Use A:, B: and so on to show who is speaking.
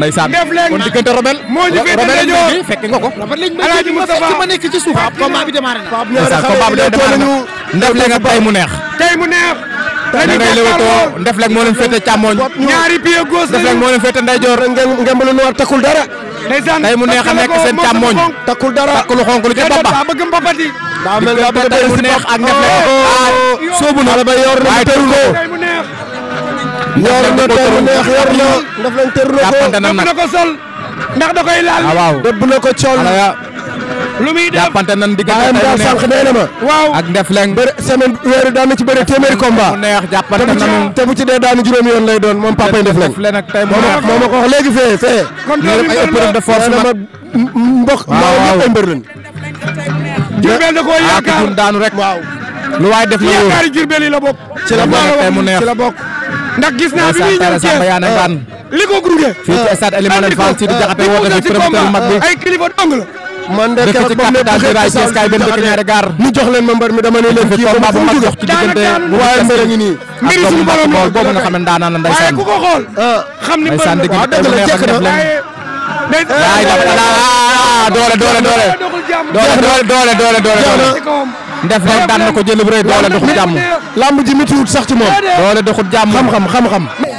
A: ndeysaan kon na combat bi démarré na ndef leen ak tey mu neex tey mu neex ndef leen moo leen féete càmmoñ ñaari pied gauche ndef leen moo leen féete ndeyjoor ngemb lu noir takkul dara tey mu neex a nekk seen càmmoñ takkul dara takku lu xonk lu ca baba bëgg mbapati daa mel ne tey mu neex ak ndef leen soobu na la ba yor na yor na tey bu neex na ko sol ndax da koy laal. Ah, waaw na ko col. lu muy def jàppante nan diggante sanq bu na ma. waaw ak Ndefleng. bëri semaine weeru daan ci bëri téeméeri combat. mu neex jàppante nan te bu ci dee daanu juróomi yoon lay doon moom papa yi Ndefleng. moo ma ko wax léegi fee fee. kon loolu ay épreuve de force ma mbokk. ay mbër lañ. Jurbel da koo yaakaar rek. waaw lu waay def la yaakaari yi la bokk. ci la bokk ci la bokk. ndax gis naa bi muy ñëw a ah. li ko gunge. fii ci stade Ely Manel ah, Fall Sidi Diakhaté woote fi promoteur mag bi ay kilifa dong la. man de keroog moom ma mbër mi dama ne leen kii ba mu fu mu jóge waaye mbër a ngi nii. mbiri suñu borom la boobu xam ne daanaan la ndeysaan. ku ko ah. xam ni mbër mi waaw dëgg la jekk doole doole doole. doole doole doole doole. ndef rek daan na ko jël bu rëy doole doxul jàmm. lamb ji méttiwut sax ci moom. doole doxul jàmm xam-xam xam-xam.